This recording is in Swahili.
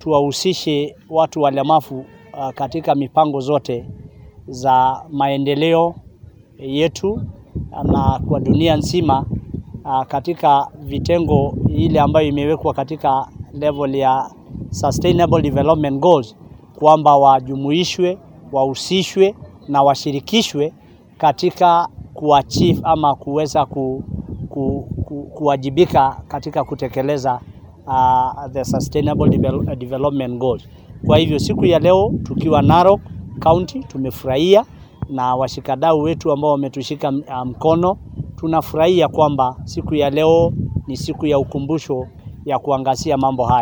tuwahusishe watu walemavu uh, katika mipango zote za maendeleo yetu na kwa dunia nzima uh, katika vitengo ile ambayo imewekwa katika level ya Sustainable Development Goals kwamba wajumuishwe, wahusishwe na washirikishwe katika kuachieve ama kuweza ku, ku, ku, kuwajibika katika kutekeleza uh, the sustainable develop, uh, development goals. Kwa hivyo siku ya leo tukiwa Narok County tumefurahia na washikadau wetu ambao wametushika uh, mkono, tunafurahia kwamba siku ya leo ni siku ya ukumbusho ya kuangazia mambo haya.